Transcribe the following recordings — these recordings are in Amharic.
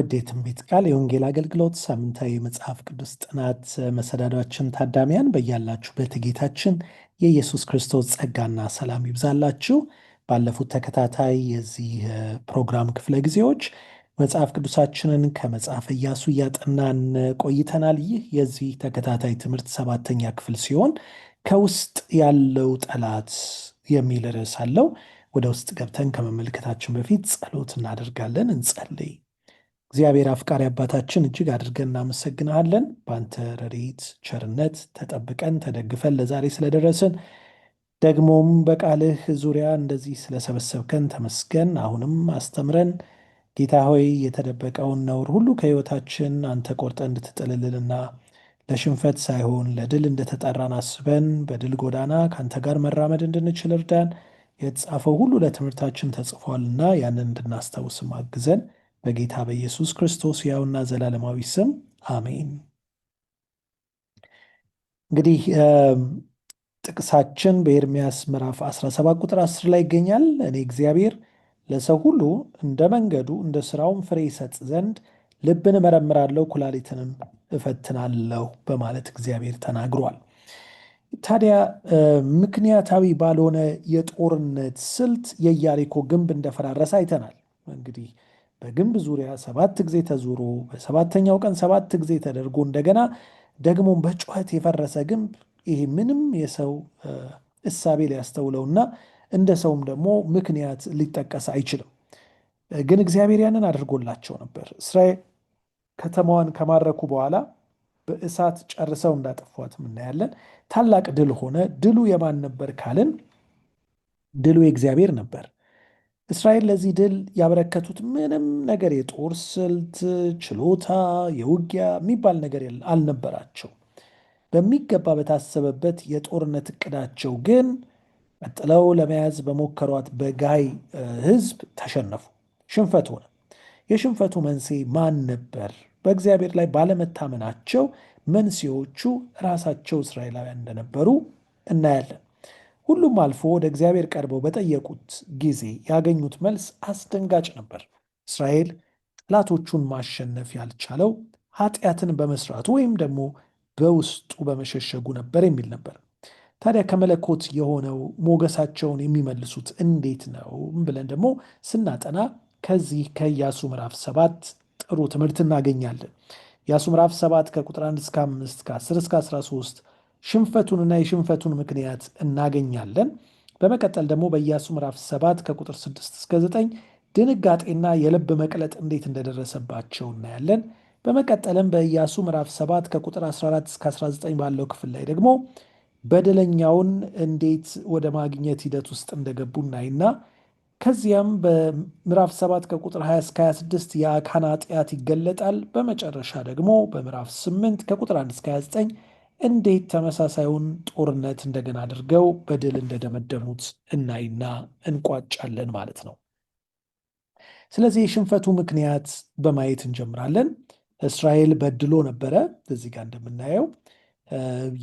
ውድ የትንቢት ቃል የወንጌል አገልግሎት ሳምንታዊ የመጽሐፍ ቅዱስ ጥናት መሰዳዳችን ታዳሚያን በያላችሁበት ጌታችን የኢየሱስ ክርስቶስ ጸጋና ሰላም ይብዛላችሁ። ባለፉት ተከታታይ የዚህ ፕሮግራም ክፍለ ጊዜዎች መጽሐፍ ቅዱሳችንን ከመጽሐፍ ኢያሱ እያጠናን ቆይተናል። ይህ የዚህ ተከታታይ ትምህርት ሰባተኛ ክፍል ሲሆን ከውስጥ ያለው ጠላት የሚል ርዕስ አለው። ወደ ውስጥ ገብተን ከመመልከታችን በፊት ጸሎት እናደርጋለን። እንጸልይ። እግዚአብሔር አፍቃሪ አባታችን እጅግ አድርገን እናመሰግንሃለን። በአንተ ረድኤት ቸርነት ተጠብቀን ተደግፈን ለዛሬ ስለደረስን ደግሞም በቃልህ ዙሪያ እንደዚህ ስለሰበሰብከን ተመስገን። አሁንም አስተምረን ጌታ ሆይ፣ የተደበቀውን ነውር ሁሉ ከሕይወታችን አንተ ቆርጠ እንድትጥልልንና ለሽንፈት ሳይሆን ለድል እንደተጠራን አስበን በድል ጎዳና ከአንተ ጋር መራመድ እንድንችል እርዳን። የተጻፈው ሁሉ ለትምህርታችን ተጽፏልና ያንን እንድናስታውስም አግዘን በጌታ በኢየሱስ ክርስቶስ ያውና ዘላለማዊ ስም አሜን። እንግዲህ ጥቅሳችን በኤርሚያስ ምዕራፍ 17 ቁጥር 10 ላይ ይገኛል። እኔ እግዚአብሔር ለሰው ሁሉ እንደ መንገዱ እንደ ስራውም ፍሬ ይሰጥ ዘንድ ልብን እመረምራለሁ፣ ኩላሊትንም እፈትናለሁ በማለት እግዚአብሔር ተናግሯል። ታዲያ ምክንያታዊ ባልሆነ የጦርነት ስልት የኢያሪኮ ግንብ እንደፈራረሰ አይተናል። እንግዲህ በግንብ ዙሪያ ሰባት ጊዜ ተዙሮ በሰባተኛው ቀን ሰባት ጊዜ ተደርጎ እንደገና ደግሞ በጩኸት የፈረሰ ግንብ ይሄ ምንም የሰው እሳቤ ሊያስተውለውና እንደ ሰውም ደግሞ ምክንያት ሊጠቀስ አይችልም። ግን እግዚአብሔር ያንን አድርጎላቸው ነበር። እስራኤል ከተማዋን ከማረኩ በኋላ በእሳት ጨርሰው እንዳጠፏት እናያለን። ታላቅ ድል ሆነ። ድሉ የማን ነበር ካልን ድሉ የእግዚአብሔር ነበር። እስራኤል ለዚህ ድል ያበረከቱት ምንም ነገር የጦር ስልት፣ ችሎታ፣ የውጊያ የሚባል ነገር አልነበራቸው። በሚገባ በታሰበበት የጦርነት እቅዳቸው ግን ቀጥለው ለመያዝ በሞከሯት በጋይ ህዝብ ተሸነፉ። ሽንፈት ሆነ። የሽንፈቱ መንስኤ ማን ነበር? በእግዚአብሔር ላይ ባለመታመናቸው መንስኤዎቹ ራሳቸው እስራኤላውያን እንደነበሩ እናያለን። ሁሉም አልፎ ወደ እግዚአብሔር ቀርበው በጠየቁት ጊዜ ያገኙት መልስ አስደንጋጭ ነበር። እስራኤል ጠላቶቹን ማሸነፍ ያልቻለው ኃጢአትን በመስራቱ ወይም ደግሞ በውስጡ በመሸሸጉ ነበር የሚል ነበር። ታዲያ ከመለኮት የሆነው ሞገሳቸውን የሚመልሱት እንዴት ነው ብለን ደግሞ ስናጠና ከዚህ ከኢያሱ ምዕራፍ ሰባት ጥሩ ትምህርት እናገኛለን። ኢያሱ ምዕራፍ ሰባት ከቁጥር 1 እስከ 5 ከ10 እስከ 13 ሽንፈቱንና የሽንፈቱን ምክንያት እናገኛለን። በመቀጠል ደግሞ በኢያሱ ምዕራፍ 7 ከቁጥር 6 እስከ 9 ድንጋጤና የልብ መቅለጥ እንዴት እንደደረሰባቸው እናያለን። በመቀጠልም በኢያሱ ምዕራፍ 7 ከቁጥር 14 እስከ 19 ባለው ክፍል ላይ ደግሞ በደለኛውን እንዴት ወደ ማግኘት ሂደት ውስጥ እንደገቡ እናይና ከዚያም በምዕራፍ 7 ከቁጥር 20 እስከ 26 የአካን ኃጢአት ይገለጣል። በመጨረሻ ደግሞ በምዕራፍ 8 ከቁጥር 1 እስከ 29 እንዴት ተመሳሳዩን ጦርነት እንደገና አድርገው በድል እንደደመደሙት እናይና እንቋጫለን ማለት ነው። ስለዚህ የሽንፈቱ ምክንያት በማየት እንጀምራለን። እስራኤል በድሎ ነበረ። እዚህ ጋር እንደምናየው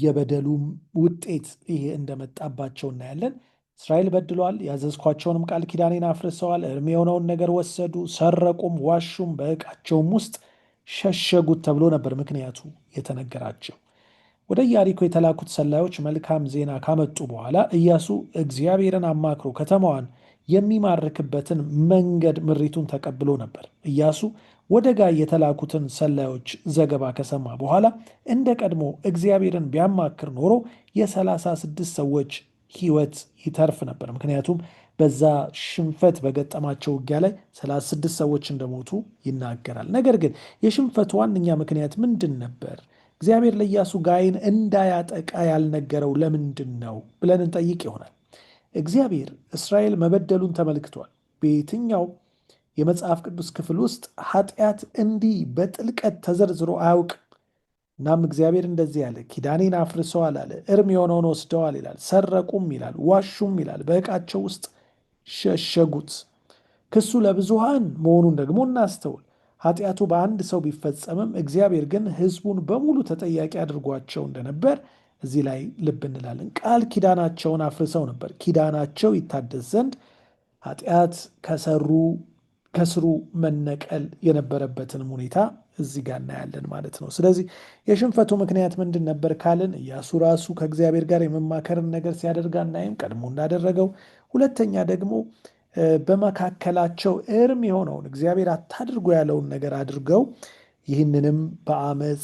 የበደሉም ውጤት ይሄ እንደመጣባቸው እናያለን። እስራኤል በድሏል። ያዘዝኳቸውንም ቃል ኪዳኔን አፍርሰዋል። እርም የሆነውን ነገር ወሰዱ፣ ሰረቁም፣ ዋሹም፣ በእቃቸውም ውስጥ ሸሸጉት ተብሎ ነበር ምክንያቱ የተነገራቸው። ወደ ኢያሪኮ የተላኩት ሰላዮች መልካም ዜና ካመጡ በኋላ ኢያሱ እግዚአብሔርን አማክሮ ከተማዋን የሚማርክበትን መንገድ ምሪቱን ተቀብሎ ነበር። ኢያሱ ወደ ጋይ የተላኩትን ሰላዮች ዘገባ ከሰማ በኋላ እንደ ቀድሞ እግዚአብሔርን ቢያማክር ኖሮ የሰላሳ ስድስት ሰዎች ሕይወት ይተርፍ ነበር። ምክንያቱም በዛ ሽንፈት በገጠማቸው ውጊያ ላይ 36 ሰዎች እንደሞቱ ይናገራል። ነገር ግን የሽንፈቱ ዋነኛ ምክንያት ምንድን ነበር? እግዚአብሔር ለኢያሱ ጋይን እንዳያጠቃ ያልነገረው ለምንድን ነው ብለን እንጠይቅ ይሆናል። እግዚአብሔር እስራኤል መበደሉን ተመልክቷል። በየትኛው የመጽሐፍ ቅዱስ ክፍል ውስጥ ኃጢአት እንዲህ በጥልቀት ተዘርዝሮ አያውቅም። እናም እግዚአብሔር እንደዚህ ያለ ኪዳኔን አፍርሰዋል አለ፣ እርም የሆነውን ወስደዋል ይላል፣ ሰረቁም ይላል፣ ዋሹም ይላል፣ በዕቃቸው ውስጥ ሸሸጉት። ክሱ ለብዙሃን መሆኑን ደግሞ እናስተውል። ኃጢአቱ በአንድ ሰው ቢፈጸምም እግዚአብሔር ግን ህዝቡን በሙሉ ተጠያቂ አድርጓቸው እንደነበር እዚህ ላይ ልብ እንላለን። ቃል ኪዳናቸውን አፍርሰው ነበር። ኪዳናቸው ይታደስ ዘንድ ኃጢአት ከሰሩ ከስሩ መነቀል የነበረበትንም ሁኔታ እዚህ ጋር እናያለን ማለት ነው። ስለዚህ የሽንፈቱ ምክንያት ምንድን ነበር ካልን እያሱ ራሱ ከእግዚአብሔር ጋር የመማከርን ነገር ሲያደርግ አናይም፣ ቀድሞ እንዳደረገው። ሁለተኛ ደግሞ በመካከላቸው እርም የሆነውን እግዚአብሔር አታድርጎ ያለውን ነገር አድርገው ይህንንም በአመፅ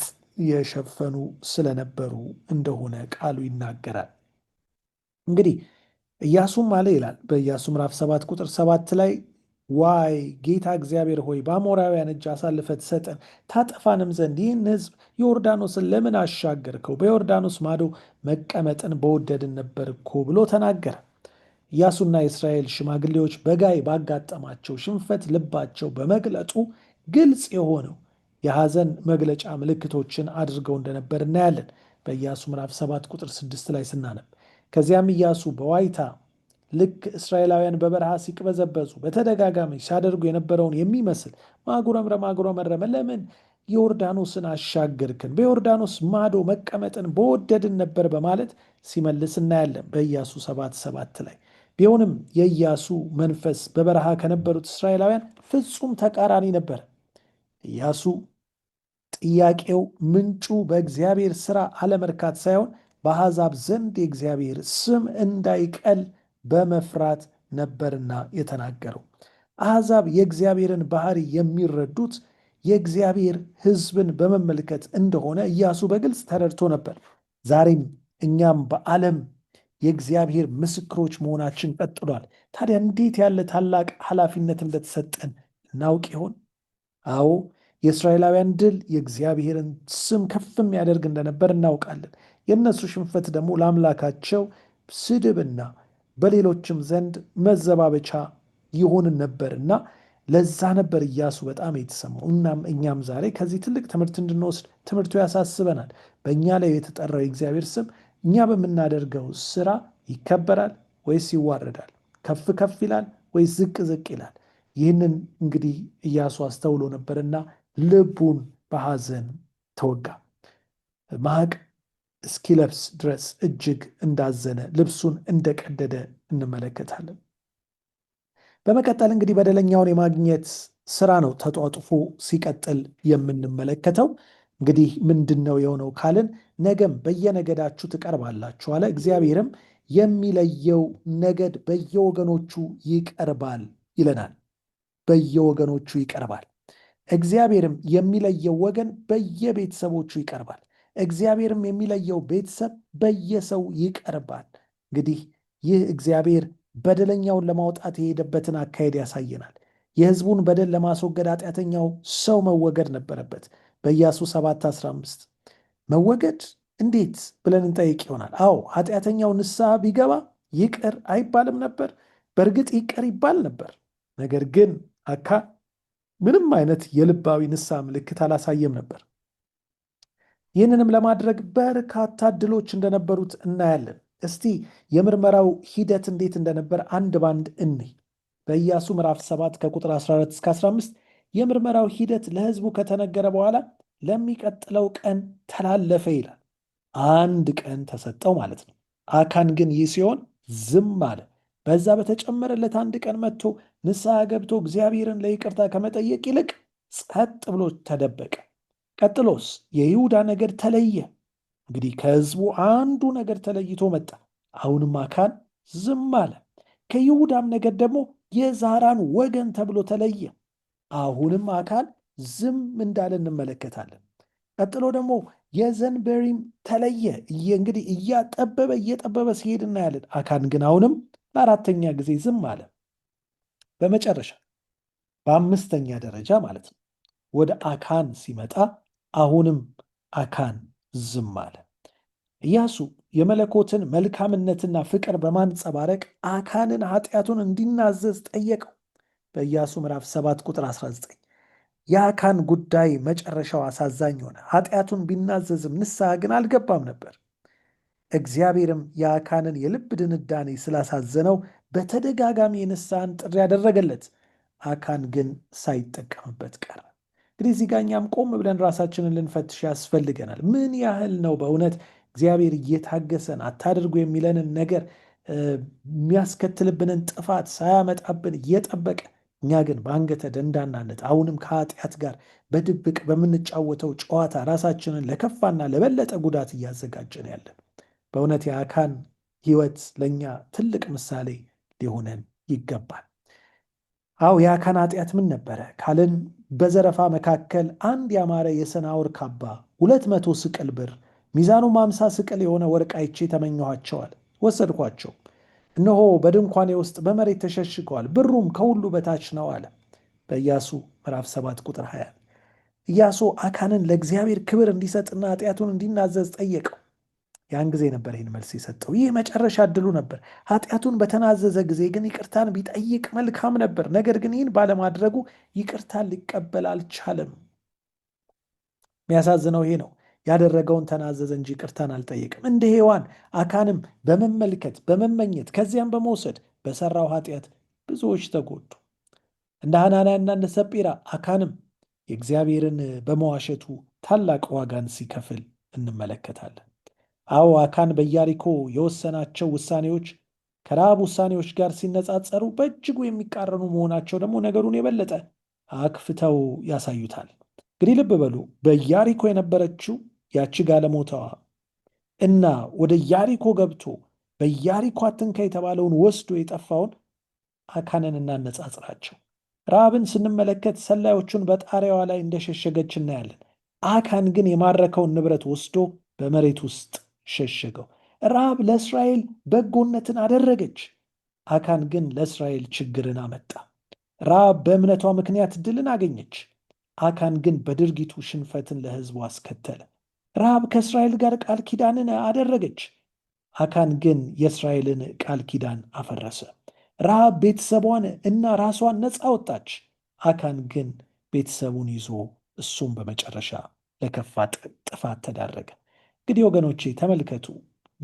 የሸፈኑ ስለነበሩ እንደሆነ ቃሉ ይናገራል። እንግዲህ እያሱም አለ ይላል በኢያሱ ምዕራፍ ሰባት ቁጥር ሰባት ላይ ዋይ ጌታ እግዚአብሔር ሆይ በአሞራውያን እጅ አሳልፈ ትሰጠን ታጠፋንም ዘንድ ይህን ሕዝብ ዮርዳኖስን ለምን አሻገርከው? በዮርዳኖስ ማዶ መቀመጥን በወደድን ነበር እኮ ብሎ ተናገረ። ኢያሱና የእስራኤል ሽማግሌዎች በጋይ ባጋጠማቸው ሽንፈት ልባቸው በመግለጡ ግልጽ የሆነው የሐዘን መግለጫ ምልክቶችን አድርገው እንደነበር እናያለን በኢያሱ ምዕራፍ 7 ቁጥር 6 ላይ ስናነብ። ከዚያም ኢያሱ በዋይታ ልክ እስራኤላውያን በበረሃ ሲቅበዘበዙ በተደጋጋሚ ሲያደርጉ የነበረውን የሚመስል ማጉረምረ ማጉረመረመ ለምን ዮርዳኖስን አሻገርክን? በዮርዳኖስ ማዶ መቀመጥን በወደድን ነበር በማለት ሲመልስ እናያለን በኢያሱ 7 ላይ ቢሆንም የኢያሱ መንፈስ በበረሃ ከነበሩት እስራኤላውያን ፍጹም ተቃራኒ ነበር። ኢያሱ ጥያቄው ምንጩ በእግዚአብሔር ሥራ አለመርካት ሳይሆን በአሕዛብ ዘንድ የእግዚአብሔር ስም እንዳይቀል በመፍራት ነበርና የተናገረው። አሕዛብ የእግዚአብሔርን ባህሪ የሚረዱት የእግዚአብሔር ሕዝብን በመመልከት እንደሆነ ኢያሱ በግልጽ ተረድቶ ነበር። ዛሬም እኛም በዓለም የእግዚአብሔር ምስክሮች መሆናችን ቀጥሏል። ታዲያ እንዴት ያለ ታላቅ ኃላፊነት እንደተሰጠን እናውቅ ይሆን? አዎ የእስራኤላውያን ድል የእግዚአብሔርን ስም ከፍ የሚያደርግ እንደነበር እናውቃለን። የእነሱ ሽንፈት ደግሞ ለአምላካቸው ስድብና በሌሎችም ዘንድ መዘባበቻ ይሆን ነበር እና ለዛ ነበር እያሱ በጣም የተሰማው። እናም እኛም ዛሬ ከዚህ ትልቅ ትምህርት እንድንወስድ ትምህርቱ ያሳስበናል። በእኛ ላይ የተጠራው የእግዚአብሔር ስም እኛ በምናደርገው ስራ ይከበራል ወይስ ይዋረዳል? ከፍ ከፍ ይላል ወይስ ዝቅ ዝቅ ይላል? ይህንን እንግዲህ ኢያሱ አስተውሎ ነበርና ልቡን በሐዘን ተወጋ። ማቅ እስኪለብስ ድረስ እጅግ እንዳዘነ ልብሱን እንደቀደደ እንመለከታለን። በመቀጠል እንግዲህ በደለኛውን የማግኘት ስራ ነው ተጧጥፎ ሲቀጥል የምንመለከተው። እንግዲህ ምንድን ነው የሆነው ካልን ነገም በየነገዳችሁ ትቀርባላችሁ አለ። እግዚአብሔርም የሚለየው ነገድ በየወገኖቹ ይቀርባል ይለናል። በየወገኖቹ ይቀርባል። እግዚአብሔርም የሚለየው ወገን በየቤተሰቦቹ ይቀርባል። እግዚአብሔርም የሚለየው ቤተሰብ በየሰው ይቀርባል። እንግዲህ ይህ እግዚአብሔር በደለኛውን ለማውጣት የሄደበትን አካሄድ ያሳየናል። የሕዝቡን በደል ለማስወገድ ኃጢአተኛው ሰው መወገድ ነበረበት። በኢያሱ 7:15 መወገድ እንዴት ብለን እንጠይቅ ይሆናል። አዎ ኃጢአተኛው ንስሐ ቢገባ ይቅር አይባልም ነበር? በእርግጥ ይቅር ይባል ነበር። ነገር ግን አካ ምንም አይነት የልባዊ ንስሐ ምልክት አላሳየም ነበር። ይህንንም ለማድረግ በርካታ እድሎች እንደነበሩት እናያለን። እስቲ የምርመራው ሂደት እንዴት እንደነበር አንድ ባንድ እንይ። በኢያሱ ምዕራፍ 7 ከቁጥር 14 እስከ 15 የምርመራው ሂደት ለህዝቡ ከተነገረ በኋላ ለሚቀጥለው ቀን ተላለፈ ይላል። አንድ ቀን ተሰጠው ማለት ነው። አካን ግን ይህ ሲሆን ዝም አለ። በዛ በተጨመረለት አንድ ቀን መጥቶ ንስሐ ገብቶ እግዚአብሔርን ለይቅርታ ከመጠየቅ ይልቅ ጸጥ ብሎ ተደበቀ። ቀጥሎስ የይሁዳ ነገድ ተለየ። እንግዲህ ከህዝቡ አንዱ ነገድ ተለይቶ መጣ። አሁንም አካን ዝም አለ። ከይሁዳም ነገድ ደግሞ የዛራን ወገን ተብሎ ተለየ። አሁንም አካል ዝም እንዳለ እንመለከታለን። ቀጥሎ ደግሞ የዘንበሪም ተለየ። እንግዲህ እያጠበበ እየጠበበ ሲሄድ እናያለን። አካን ግን አሁንም ለአራተኛ ጊዜ ዝም አለ። በመጨረሻ በአምስተኛ ደረጃ ማለት ነው ወደ አካን ሲመጣ አሁንም አካን ዝም አለ። ኢያሱ የመለኮትን መልካምነትና ፍቅር በማንጸባረቅ አካንን ኃጢአቱን እንዲናዘዝ ጠየቀው። በኢያሱ ምዕራፍ 7 ቁጥር 19 የአካን ጉዳይ መጨረሻው አሳዛኝ ሆነ። ኃጢአቱን ቢናዘዝም ንስሐ ግን አልገባም ነበር። እግዚአብሔርም የአካንን የልብ ድንዳኔ ስላሳዘነው በተደጋጋሚ የንስሐን ጥሪ ያደረገለት፣ አካን ግን ሳይጠቀምበት ቀረ። እንግዲህ እዚህ እኛም ቆም ብለን ራሳችንን ልንፈትሽ ያስፈልገናል። ምን ያህል ነው በእውነት እግዚአብሔር እየታገሰን አታድርጉ የሚለንን ነገር የሚያስከትልብንን ጥፋት ሳያመጣብን እየጠበቀ እኛ ግን በአንገተ ደንዳናነት አሁንም ከኃጢአት ጋር በድብቅ በምንጫወተው ጨዋታ ራሳችንን ለከፋና ለበለጠ ጉዳት እያዘጋጀን ያለን። በእውነት የአካን ህይወት ለእኛ ትልቅ ምሳሌ ሊሆነን ይገባል። አው የአካን ኃጢአት ምን ነበረ ካልን በዘረፋ መካከል አንድ ያማረ የሰናወር ካባ፣ ሁለት መቶ ስቅል ብር፣ ሚዛኑ ማምሳ ስቅል የሆነ ወርቅ አይቼ ተመኘኋቸዋል፣ ወሰድኳቸው እነሆ በድንኳኔ ውስጥ በመሬት ተሸሽገዋል፣ ብሩም ከሁሉ በታች ነው አለ። በኢያሱ ምዕራፍ 7 ቁጥር 20 ኢያሱ አካንን ለእግዚአብሔር ክብር እንዲሰጥና ኃጢአቱን እንዲናዘዝ ጠየቀው። ያን ጊዜ ነበር ይህን መልስ የሰጠው። ይህ መጨረሻ እድሉ ነበር። ኃጢአቱን በተናዘዘ ጊዜ ግን ይቅርታን ቢጠይቅ መልካም ነበር። ነገር ግን ይህን ባለማድረጉ ይቅርታን ሊቀበል አልቻለም። የሚያሳዝነው ይሄ ነው። ያደረገውን ተናዘዘ እንጂ ቅርታን አልጠየቅም። እንደ ሔዋን አካንም በመመልከት በመመኘት ከዚያም በመውሰድ በሰራው ኃጢአት ብዙዎች ተጎዱ። እንደ ሐናንያና እንደ ሰጲራ አካንም የእግዚአብሔርን በመዋሸቱ ታላቅ ዋጋን ሲከፍል እንመለከታለን። አዎ አካን በኢያሪኮ የወሰናቸው ውሳኔዎች ከረሃብ ውሳኔዎች ጋር ሲነጻጸሩ በእጅጉ የሚቃረኑ መሆናቸው ደግሞ ነገሩን የበለጠ አክፍተው ያሳዩታል። እንግዲህ ልብ በሉ በኢያሪኮ የነበረችው ያቺ ጋለሞታዋ እና ወደ ያሪኮ ገብቶ በያሪኮ አትንካ የተባለውን ወስዶ የጠፋውን አካንን እናነጻጽራቸው። ረሃብን ስንመለከት ሰላዮቹን በጣሪያዋ ላይ እንደሸሸገች እናያለን። አካን ግን የማረከውን ንብረት ወስዶ በመሬት ውስጥ ሸሸገው። ራብ ለእስራኤል በጎነትን አደረገች፣ አካን ግን ለእስራኤል ችግርን አመጣ። ራብ በእምነቷ ምክንያት ድልን አገኘች፣ አካን ግን በድርጊቱ ሽንፈትን ለሕዝቡ አስከተለ። ረሃብ ከእስራኤል ጋር ቃል ኪዳንን አደረገች። አካን ግን የእስራኤልን ቃል ኪዳን አፈረሰ። ረሃብ ቤተሰቧን እና ራሷን ነፃ ወጣች። አካን ግን ቤተሰቡን ይዞ እሱም በመጨረሻ ለከፋ ጥፋት ተዳረገ። እንግዲህ ወገኖቼ ተመልከቱ፣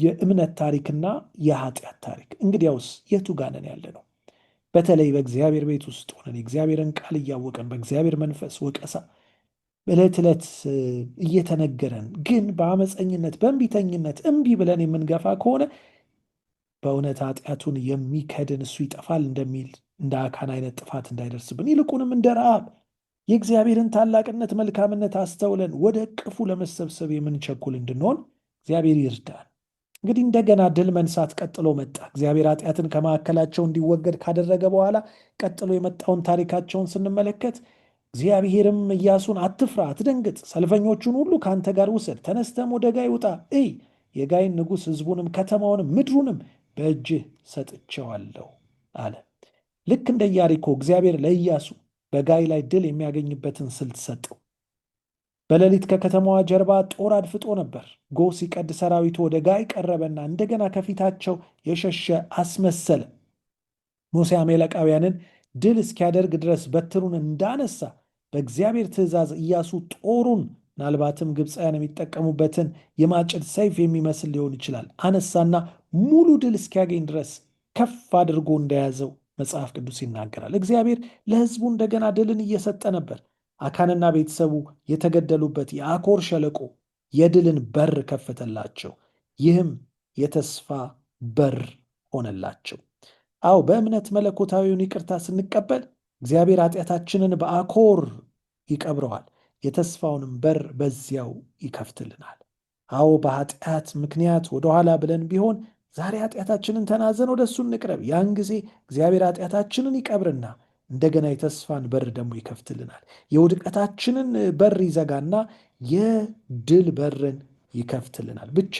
የእምነት ታሪክና የኃጢአት ታሪክ። እንግዲያውስ የቱ ጋነን ያለ ነው? በተለይ በእግዚአብሔር ቤት ውስጥ ሆነን የእግዚአብሔርን ቃል እያወቀን በእግዚአብሔር መንፈስ ወቀሳ እለት እለት እየተነገረን ግን በአመፀኝነት በእንቢተኝነት እምቢ ብለን የምንገፋ ከሆነ በእውነት ኃጢአቱን የሚከድን እሱ ይጠፋል እንደሚል እንደ አካን አይነት ጥፋት እንዳይደርስብን ይልቁንም እንደ ረአብ የእግዚአብሔርን ታላቅነት መልካምነት አስተውለን ወደ እቅፉ ለመሰብሰብ የምንቸኩል እንድንሆን እግዚአብሔር ይርዳል። እንግዲህ እንደገና ድል መንሳት ቀጥሎ መጣ። እግዚአብሔር ኃጢአትን ከማዕከላቸው እንዲወገድ ካደረገ በኋላ ቀጥሎ የመጣውን ታሪካቸውን ስንመለከት እግዚአብሔርም እያሱን አትፍራ፣ አትደንግጥ፣ ሰልፈኞቹን ሁሉ ከአንተ ጋር ውሰድ፣ ተነስተም ወደ ጋይ ውጣ፣ እይ የጋይን ንጉሥ ሕዝቡንም ከተማውንም ምድሩንም በእጅህ ሰጥቼዋለሁ አለ። ልክ እንደ ኢያሪኮ እግዚአብሔር ለኢያሱ በጋይ ላይ ድል የሚያገኝበትን ስልት ሰጠው። በሌሊት ከከተማዋ ጀርባ ጦር አድፍጦ ነበር። ጎ ሲቀድ ሰራዊቱ ወደ ጋይ ቀረበና እንደገና ከፊታቸው የሸሸ አስመሰለ። ሙሴ አማሌቃውያንን ድል እስኪያደርግ ድረስ በትሩን እንዳነሳ በእግዚአብሔር ትእዛዝ እያሱ ጦሩን ምናልባትም ግብፃውያን የሚጠቀሙበትን የማጭድ ሰይፍ የሚመስል ሊሆን ይችላል አነሳና ሙሉ ድል እስኪያገኝ ድረስ ከፍ አድርጎ እንደያዘው መጽሐፍ ቅዱስ ይናገራል። እግዚአብሔር ለሕዝቡ እንደገና ድልን እየሰጠ ነበር። አካንና ቤተሰቡ የተገደሉበት የአኮር ሸለቆ የድልን በር ከፈተላቸው። ይህም የተስፋ በር ሆነላቸው። አዎ በእምነት መለኮታዊውን ይቅርታ ስንቀበል እግዚአብሔር ኃጢአታችንን በአኮር ይቀብረዋል፣ የተስፋውንም በር በዚያው ይከፍትልናል። አዎ በኃጢአት ምክንያት ወደኋላ ብለን ቢሆን ዛሬ ኃጢአታችንን ተናዘን ወደ እሱ እንቅረብ። ያን ጊዜ እግዚአብሔር ኃጢአታችንን ይቀብርና እንደገና የተስፋን በር ደግሞ ይከፍትልናል። የውድቀታችንን በር ይዘጋና የድል በርን ይከፍትልናል። ብቻ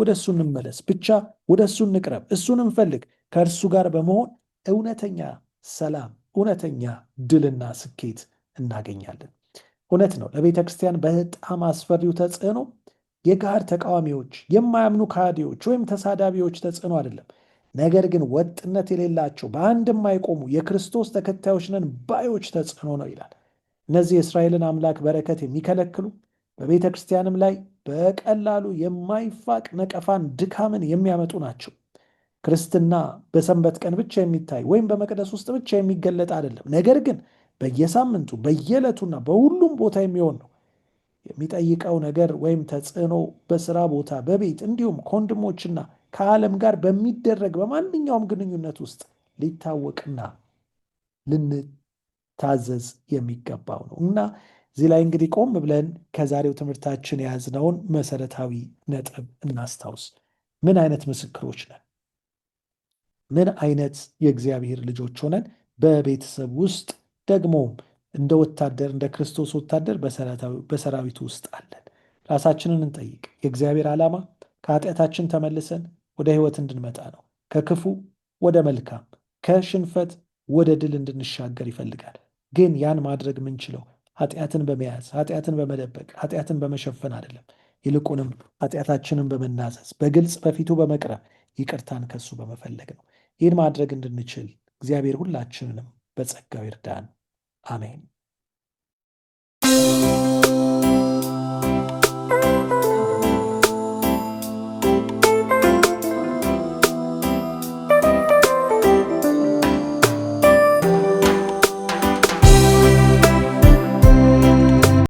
ወደ እሱ እንመለስ፣ ብቻ ወደ እሱ እንቅረብ፣ እሱን እንፈልግ። ከእርሱ ጋር በመሆን እውነተኛ ሰላም እውነተኛ ድልና ስኬት እናገኛለን። እውነት ነው። ለቤተ ክርስቲያን በጣም አስፈሪው ተጽዕኖ የጋር ተቃዋሚዎች፣ የማያምኑ ካህዲዎች ወይም ተሳዳቢዎች ተጽዕኖ አይደለም። ነገር ግን ወጥነት የሌላቸው በአንድ የማይቆሙ የክርስቶስ ተከታዮች ነን ባዮች ተጽዕኖ ነው ይላል። እነዚህ የእስራኤልን አምላክ በረከት የሚከለክሉ በቤተ ክርስቲያንም ላይ በቀላሉ የማይፋቅ ነቀፋን፣ ድካምን የሚያመጡ ናቸው። ክርስትና በሰንበት ቀን ብቻ የሚታይ ወይም በመቅደስ ውስጥ ብቻ የሚገለጥ አይደለም። ነገር ግን በየሳምንቱ በየዕለቱና በሁሉም ቦታ የሚሆን ነው። የሚጠይቀው ነገር ወይም ተጽዕኖ በስራ ቦታ፣ በቤት እንዲሁም ከወንድሞችና ከዓለም ጋር በሚደረግ በማንኛውም ግንኙነት ውስጥ ሊታወቅና ልንታዘዝ የሚገባው ነው እና እዚህ ላይ እንግዲህ ቆም ብለን ከዛሬው ትምህርታችን የያዝነውን መሰረታዊ ነጥብ እናስታውስ። ምን አይነት ምስክሮች ነን? ምን አይነት የእግዚአብሔር ልጆች ሆነን በቤተሰብ ውስጥ ደግሞም እንደ ወታደር እንደ ክርስቶስ ወታደር በሰራዊቱ ውስጥ አለን። ራሳችንን እንጠይቅ። የእግዚአብሔር ዓላማ ከኃጢአታችን ተመልሰን ወደ ሕይወት እንድንመጣ ነው። ከክፉ ወደ መልካም፣ ከሽንፈት ወደ ድል እንድንሻገር ይፈልጋል። ግን ያን ማድረግ የምንችለው ኃጢአትን በመያዝ ኃጢአትን በመደበቅ ኃጢአትን በመሸፈን አይደለም። ይልቁንም ኃጢአታችንን በመናዘዝ በግልጽ በፊቱ በመቅረብ ይቅርታን ከሱ በመፈለግ ነው። ይህን ማድረግ እንድንችል እግዚአብሔር ሁላችንንም በጸጋው ይርዳን። አሜን።